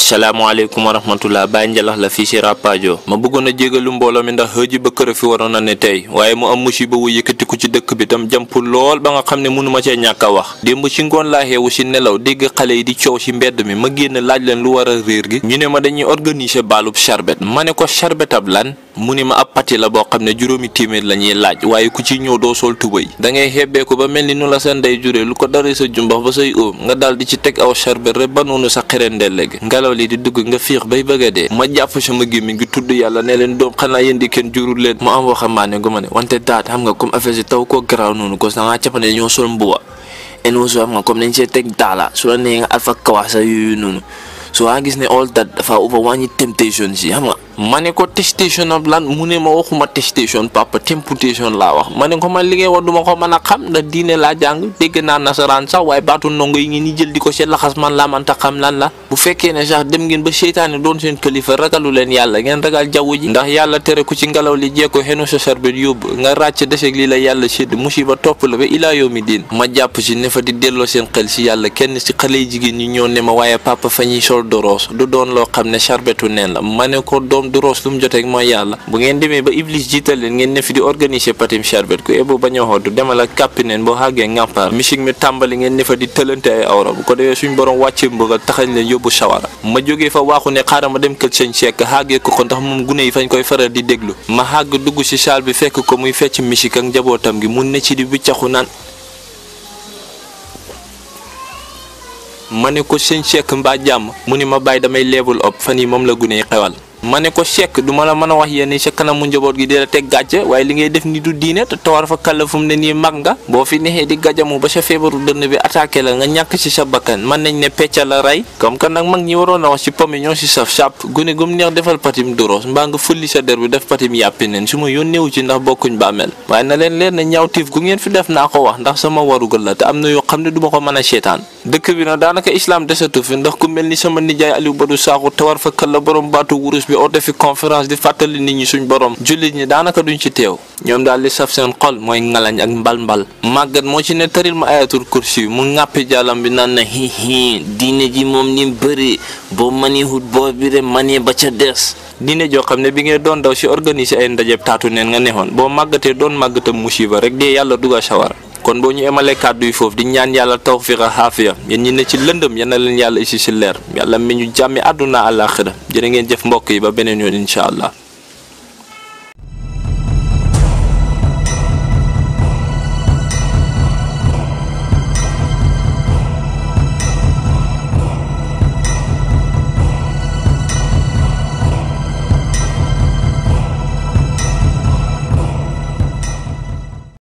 asalaamaaleykum wa rahmatullah Baye Njalax la fii si Rapadio ma bëggoon a jégalu mbooloo mi ndax xëji ba kër a fi waroon na ne tey waaye mu am musiba wu yëkkatiku ci dëkk bi tam jàmp lool ba nga xam ne mënuma cee ñàkk a wax démb ci ngoon laa xeewu si nelaw dégg xale yi di coow ci mbedd mi ma génn laaj leen lu war a réer gi ñu ne ma dañuy organiser baalub charbet ma ne ko charbet lan mu ne ma ab pati la boo xam ne juróomi téeméer la ñuy laaj waaye ku ci ñëw doo sol tubay da ngay xebbee ko ba mel ni nu la sa ndey lu ko dara sa jumbax ba say nga daal di ci teg aw charbet rek ba noonu sa xerendeel léegi ngelaw li di dugg nga fiix bay bëgg a dee ma jàpp sama gémmiñ gi tudd yàlla ne leen doom xanaa yéen di kenn jurul leen mu am waxambaane gu ma ne wante daat xam nga comme affaire si taw koo garaaw noonu ko dangaa capane ñoo sol mbuba en wasu xam nga comme dañ see teg daala su la nee nga alfa kawaasa yooyu noonu so waa gis ne all that dafa over wàññi temptation si xam nga ma ne ko testation ab lan mu ne ma waxuma testation papa temputation la wax ma ne ko man li ngay wax duma ko man a xam ndax diine laa jàng dégg naa nasaraan sax waaye baatu nongo yi ngeen ñi jël di ko seen laxas man la man mënta xam lan la bu fekkee ne sax dem ngeen ba seytaane doon seen kilifa ragalu leen yàlla ngeen ragal jaww ji ndax yàlla tere ku ci ngelaw li jeeko xenu sa sarbet yóbbu nga ràcc deseg li la yàlla sédd musiba topp la ba ilaa yawmi ma jàpp si ne di delloo seen si yàlla kenn si xale jigéen ñi ñoo ne ma waaye papa fa ñuy sol doroos du doon loo xam ne la ma ne moom du roos lu mu joteeg mooy yàlla bu ngeen demee ba iblis jiital leen ngeen ne fi di organiser patim charbet ku ebo bañ a xootu demal ak kàppi neen boo xàggee ngàmpaar misik mi tàmbali ngeen ne fa di tëlante ay awra bu ko defee suñ borom wàccee mbugal taxañ leen yóbbu sawara ma jógee fa waaxu ne xaaral ma dem kër sëñ Cheikh xàggee ko ko ndax moom gune yi fañ koy faral di déglu ma xàgg dugg ci saal bi fekk ko muy fecc misik ak njabootam gi mun ne ci di wiccaxu naan ma ne ko sëñ Cheikh mbaa jàmm mu ni ma bàyyi damay leebul op fan yi moom la gune yi ma ne ko Cheikh du ma la mën a wax yéen sa kanamu njaboot gi di la teg gàcce waaye li ngay def ni du diine te tawar fa kàlla fu mu nga boo fi nexee di gàjjamu ba sa feebaru dënn bi attaqué la nga ñàkk sa bakkan mën nañ ne pecca la rey comme que mag ñi waroon a wax ci pomme yi ñoo si saf sàpp gune gum neex defal patim duros def patim yàppi neen su ma yónneewu ci ndax bokkuñ bàmmeel waaye na leen leen na ñaawtiif gu ngeen fi def naa ko wax ndax sama warugal la te am na xam ne du ma ko mën a seetaan dëkk daanaka islam desatu fi mel ni sama nijaay Aliou Badou Sakho tawar fa kàlla borom baatu wurus bi oo fi conférence di fàttali nit ñi suñ borom jullit ñi daanaka duñ ci teew ñoom daal li saf seen xol mooy ngalañ ak mbal-mbal màggat moo ci ne taril ma ayatul kursi mu ŋàppi jàllam bi naan na hihi diine ji moom ni bëri boo mani hut boo bi re mani ba ca des diine joo xam ne bi ngeen doon daw si organiser ay ndajeb taatu neen nga neexoon boo màggatee doon màggatam musiba rek dee yàlla duga sawara kon boo ñu emalee kàddu yi foofu di ñaan yàlla tawfiq a xaafiya yéen ñi ne ci lëndëm yal na leen yàlla isi si leer yàlla mi ñu jàmmi àdduna àllaaxira jërë ngeen jëf mbokk yi ba beneen yoon incha allah.